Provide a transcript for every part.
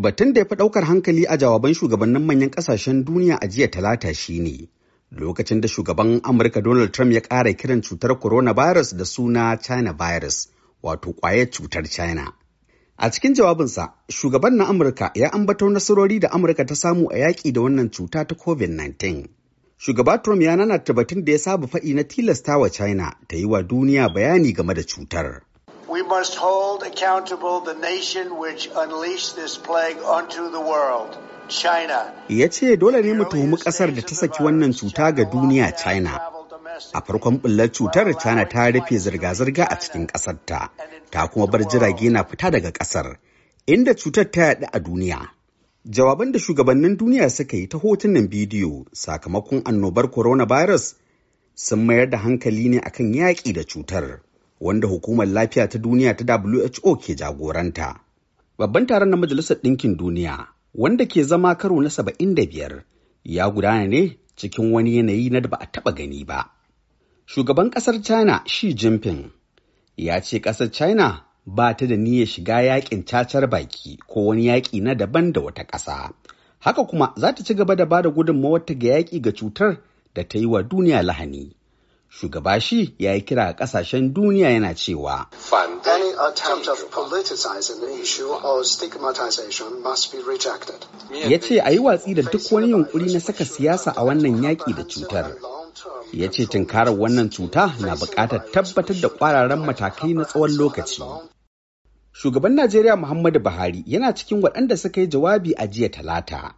Batun da ya fi ɗaukar hankali a jawaban shugabannin manyan ƙasashen duniya a jiya talata shi ne, lokacin da shugaban Amurka Donald Trump ya ƙara kiran cutar coronavirus da suna China virus, wato ƙwayar cutar China. A cikin jawabinsa, shugaban na Amurka ya ambato nasarori da Amurka ta samu a yaƙi da wannan cuta ta COVID-19. Shugaba Trump ya nanata batun da ya saba faɗi na tilasta wa China ta yi wa duniya bayani game da cutar. We must hold accountable the nation which unleashed this plague onto the world. China. Ya ce dole ne mu tuhumi kasar da ta saki wannan cuta ga duniya China. A farkon bullar cutar China ta rufe zirga-zirga a cikin ƙasarta, ta kuma bar jirage na fita daga ƙasar, inda cutar ta yaɗu a duniya. Jawaban da shugabannin duniya suka yi ta hotunan bidiyo sakamakon annobar coronavirus sun mayar da hankali ne akan yaƙi da cutar. wanda hukumar lafiya ta duniya ta WHO ke jagoranta. Babban taron na Majalisar Ɗinkin Duniya, wanda ke zama karo na saba'in da biyar, ya gudana ne cikin wani yanayi na da ba a taɓa gani ba. Shugaban ƙasar China Xi Jinping ya ce ƙasar China ba ta da niyyar shiga yaƙin cacar baki ko wani yaƙi na daban da wata ƙasa. Haka kuma za ta ci gaba da ba da gudunmawar ta ga yaƙi ga cutar da ta yi wa duniya lahani. shugaba shi ya yi kira a kasashen duniya yana cewa ya ce a yi watsi da duk wani yunkuri na saka siyasa a wannan yaƙi da cutar ya ce tunkarar wannan cuta na buƙatar tabbatar da ƙwararren matakai na tsawon lokaci shugaban najeriya muhammadu buhari yana cikin waɗanda suka yi jawabi a jiya talata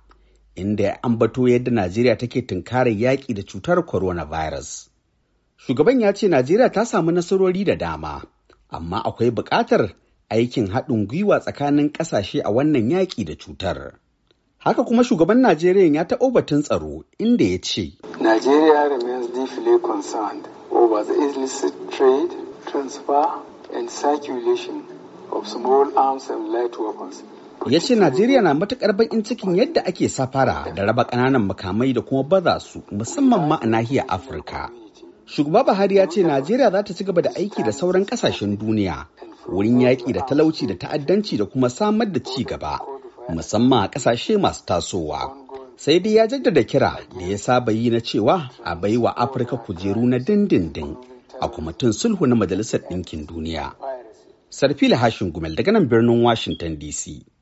inda ya ambato yadda najeriya take tunkarar yaƙi da cutar coronavirus. Shugaban ya ce Najeriya ta samu nasarori da dama, amma akwai buƙatar aikin haɗin gwiwa tsakanin ƙasashe a wannan yaƙi da cutar. Haka kuma shugaban Najeriya ya taɓo batun tsaro inda ya ce. najeriya remains deeply concerned over the illicit trade, transfer and circulation of small arms and light weapons. Ya ce Najeriya na matuƙar baƙin cikin yadda ake safara da raba ƙananan makamai da kuma baza su musamman ma a nahiyar Afirka. Shugaba Buhari ya ce Najeriya za ta ci gaba da aiki da sauran kasashen duniya wurin yaƙi da talauci da ta'addanci da kuma samar da ci gaba musamman a ƙasashe masu tasowa. Sai dai ya jaddada kira da ya saba yi na cewa a bai wa Afirka kujeru na dindindin a kwamitin sulhu na Majalisar Ɗinkin Duniya. Sarfila Hashin Gumel daga nan birnin Washington DC.